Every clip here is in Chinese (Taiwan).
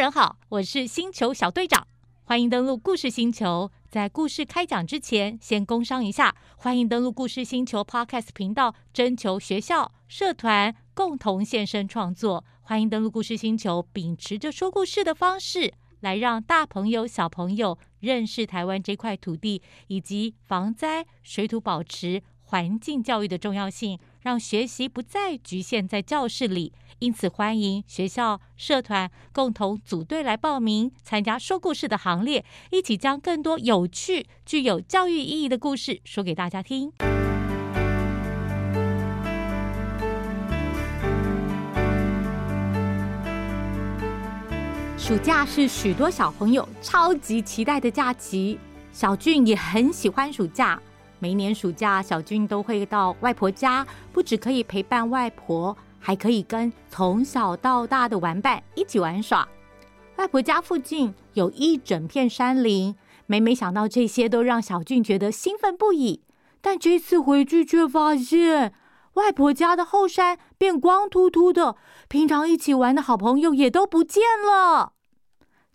人好，我是星球小隊長，歡迎登錄故事星球。在故事開講之前，先工商一下，歡迎登錄故事星球 Podcast 頻道，徵求學校、社團共同現身創作。歡迎登錄故事星球，秉持着說故事的方式，來讓大朋友、小朋友認識台灣這塊土地以及防災、水土保持、環境教育的重要性。讓學習不再局限在教室裡，因此歡迎學校、社團共同組隊來報名參加說故事的行列，一起將更多有趣、具有教育意義的故事說給大家聽。暑假是許多小朋友超級期待的假期，小俊也很喜歡暑假。每年暑假，小俊都會到外婆家，不只可以陪伴外婆，還可以跟從小到大的玩伴一起玩耍。外婆家附近有一整片山林，每每想到這些，都讓小俊覺得興奮不已。但這次回去，卻發現外婆家的後山變光禿禿的，平常一起玩的好朋友也都不見了。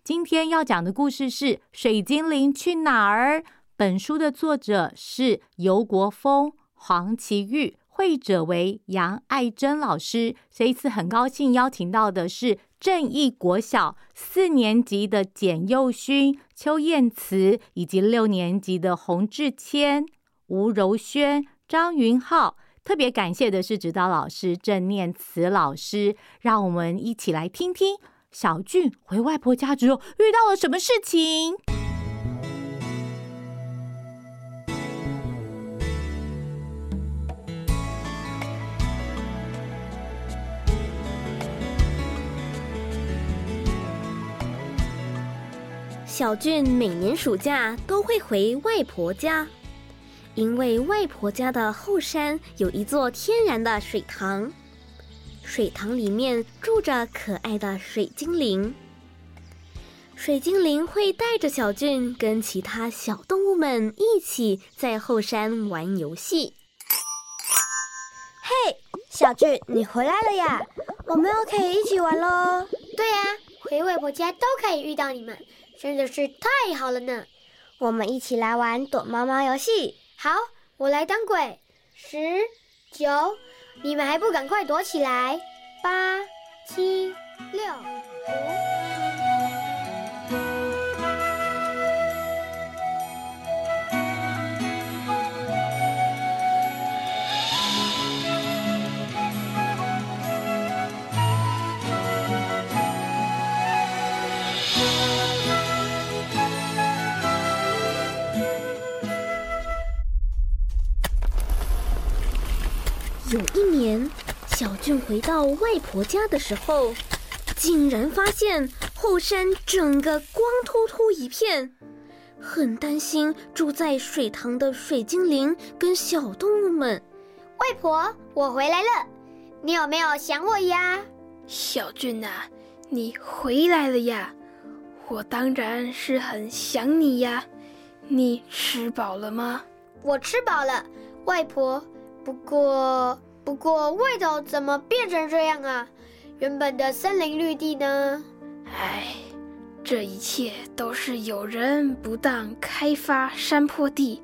今天要講的故事是《水精靈去哪兒》。本書的作者是尤國峰、黃麒育，繪者為楊璦甄老師。這一次很高興邀請到的是正義國小四年級的簡佑勳、邱彥慈，以及六年級的洪至謙、吳柔萱、張雲皓。特別感謝的是指導老師鄭念慈老師。讓我們一起來聽聽小俊回外婆家之後遇到了什麼事情。小俊每年暑假都會回外婆家，因為外婆家的後山有一座天然的水塘，水塘裡面住着可愛的水精靈。水精靈會帶着小俊跟其他小動物們一起在後山玩遊戲。嘿，小俊，你回來了呀！我們又可以一起玩嘍。對呀、啊，回外婆家都可以遇到你們。真的是太好了呢！我們一起來玩躲貓貓遊戲。好，我來當鬼，十、九，你們還不趕快躲起來？八、七、六、五。俊回到外婆家的時候，竟然發現後山整個光禿禿一片，很擔心住在水塘的水精靈跟小動物們。外婆，我回來了，你有沒有想我呀？小俊吶、啊，你回來了呀，我當然是很想你呀。你吃飽了嗎？我吃飽了，外婆。不過。不過，味道怎麼變成這樣啊？原本的森林綠地呢？哎，這一切都是有人不當開發山坡地，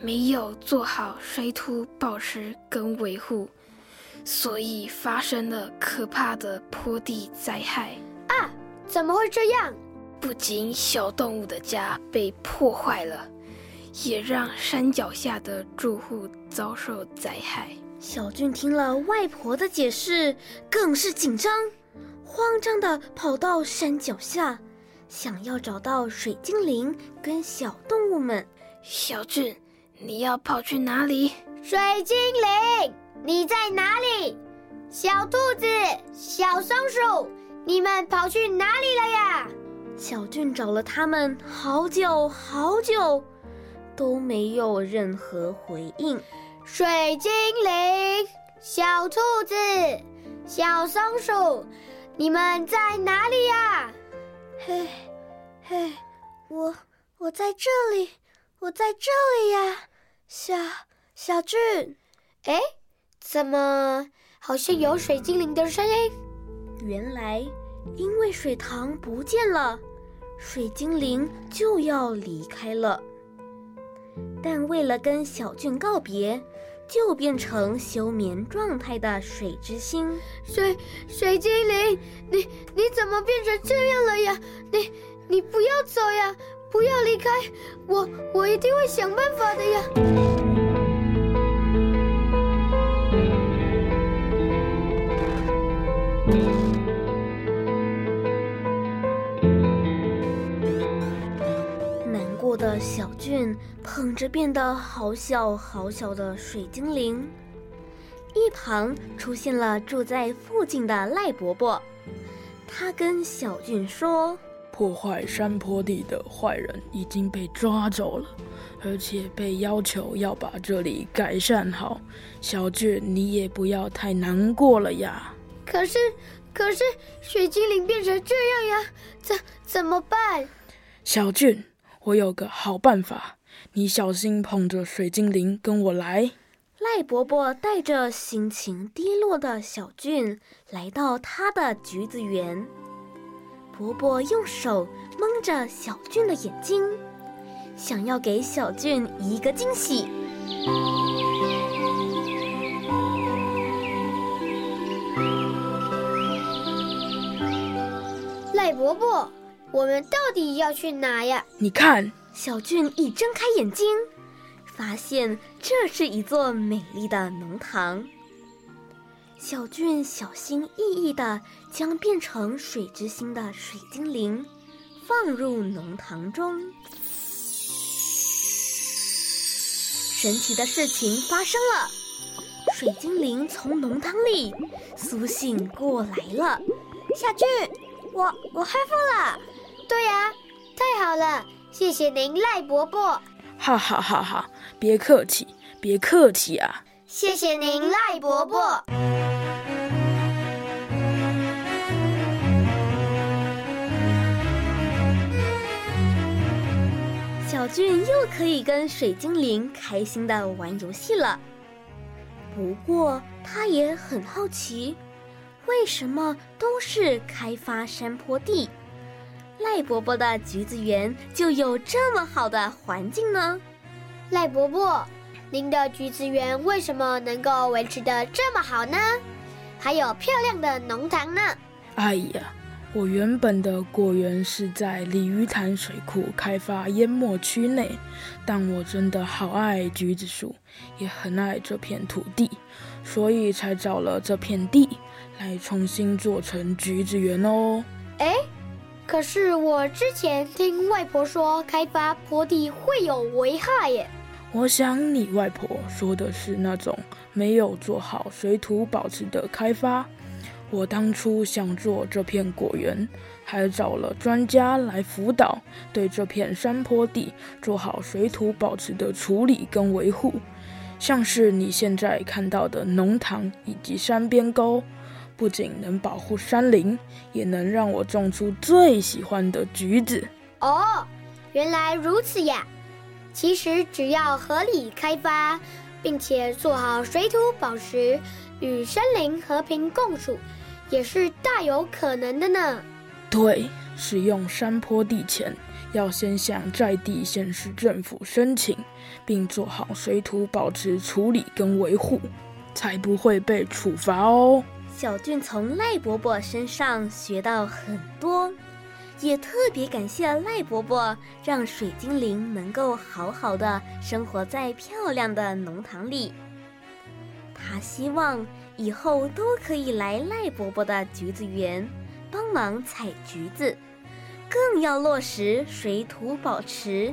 沒有做好水土保持跟維護，所以發生了可怕的坡地災害啊！怎麼會這樣？不僅小動物的家被破壞了，也讓山腳下的住戶遭受災害。小俊聽了外婆的解釋，更是緊張、慌張地跑到山腳下，想要找到水精靈跟小動物們。小俊，你要跑去哪裡？水精靈，你在哪裡？小兔子、小松鼠，你們跑去哪裡了呀？小俊找了他們好久好久，都沒有任何回應。水精靈、小兔子、小松鼠，你們在哪裡呀？嘿，嘿，我我在這裡，我在這裡呀，小小俊，哎，怎麼好像有水精靈的聲音？原來因為水塘不見了，水精靈就要離開了，但為了跟小俊告別。就變成休眠狀態的水之星。水水精靈，你你怎麼變成這樣了呀？你你不要走呀，不要離開，我我一定會想辦法的呀。難過的小俊，捧着變得好小好小的水精靈，一旁出現了住在附近的賴伯伯，他跟小俊說：“破壞山坡地的壞人已經被抓走了，而且被要求要把這裡改善好。小俊，你也不要太難過了呀。”“可是，可是水精靈變成這樣呀，怎怎麼辦？”“小俊，我有個好辦法。”你小心捧着水精靈，跟我來。賴伯伯帶着心情低落的小俊來到他的橘子園。伯伯用手蒙着小俊的眼睛，想要給小俊一個驚喜。賴伯伯，我們到底要去哪呀？你看。小俊一睜開眼睛，發現這是一座美麗的農塘。小俊小心翼翼地將變成水之心的水精靈放入農塘中。神奇的事情發生了，水精靈從農塘裡甦醒過來了。小俊，我我恢復了，對呀，啊，太好了！謝謝您，賴伯伯。哈哈哈哈，別客氣，別客氣啊！謝謝您，賴伯伯。小俊又可以跟水精靈開心的玩遊戲了。不過，他也很好奇，為什麼都是開發山坡地？賴伯伯的橘子園就有這麼好的環境呢？賴伯伯，您的橘子園為什麼能夠維持得這麼好呢？還有漂亮的農場呢？哎呀，我原本的果園是在鯉魚潭水庫開發淹沒區內，但我真的好愛橘子樹，也很愛這片土地，所以才找了這片地來重新做成橘子園哦。誒。可是我之前聽外婆說，開發坡地會有危害耶。我想你外婆說的是那種沒有做好水土保持的開發。我當初想做這片果園，還找了專家來輔導，對這片山坡地做好水土保持的處理跟維護，像是你現在看到的農塘以及山邊溝。不僅能保護山林，也能讓我種出最喜歡的橘子。哦，oh，原來如此呀！其實只要合理開發，並且做好水土保持與山林和平共處，也是大有可能的呢。對，使用山坡地前，要先向在地縣市政府申請，並做好水土保持處理跟維護，才不會被處罰哦。小俊從賴伯伯身上學到很多，也特別感謝賴伯伯，讓水精靈能夠好好的生活在漂亮的農塘裡。他希望以後都可以來賴伯伯的橘子園幫忙採橘子，更要落實水土保持，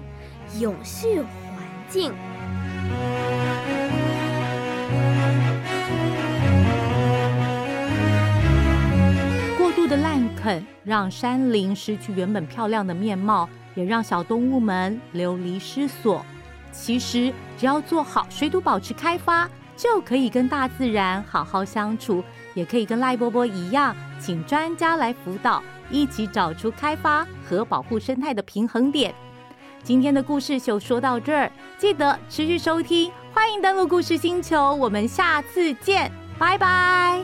永續環境。肯讓山林失去原本漂亮的面貌，也讓小動物們流離失所。其實，只要做好水土保持開發，就可以跟大自然好好相處，也可以跟賴伯伯一樣，請專家來輔導，一起找出開發和保護生態的平衡點。今天的故事就說到這兒，記得持續收聽，歡迎登錄故事星球，我們下次見，拜拜。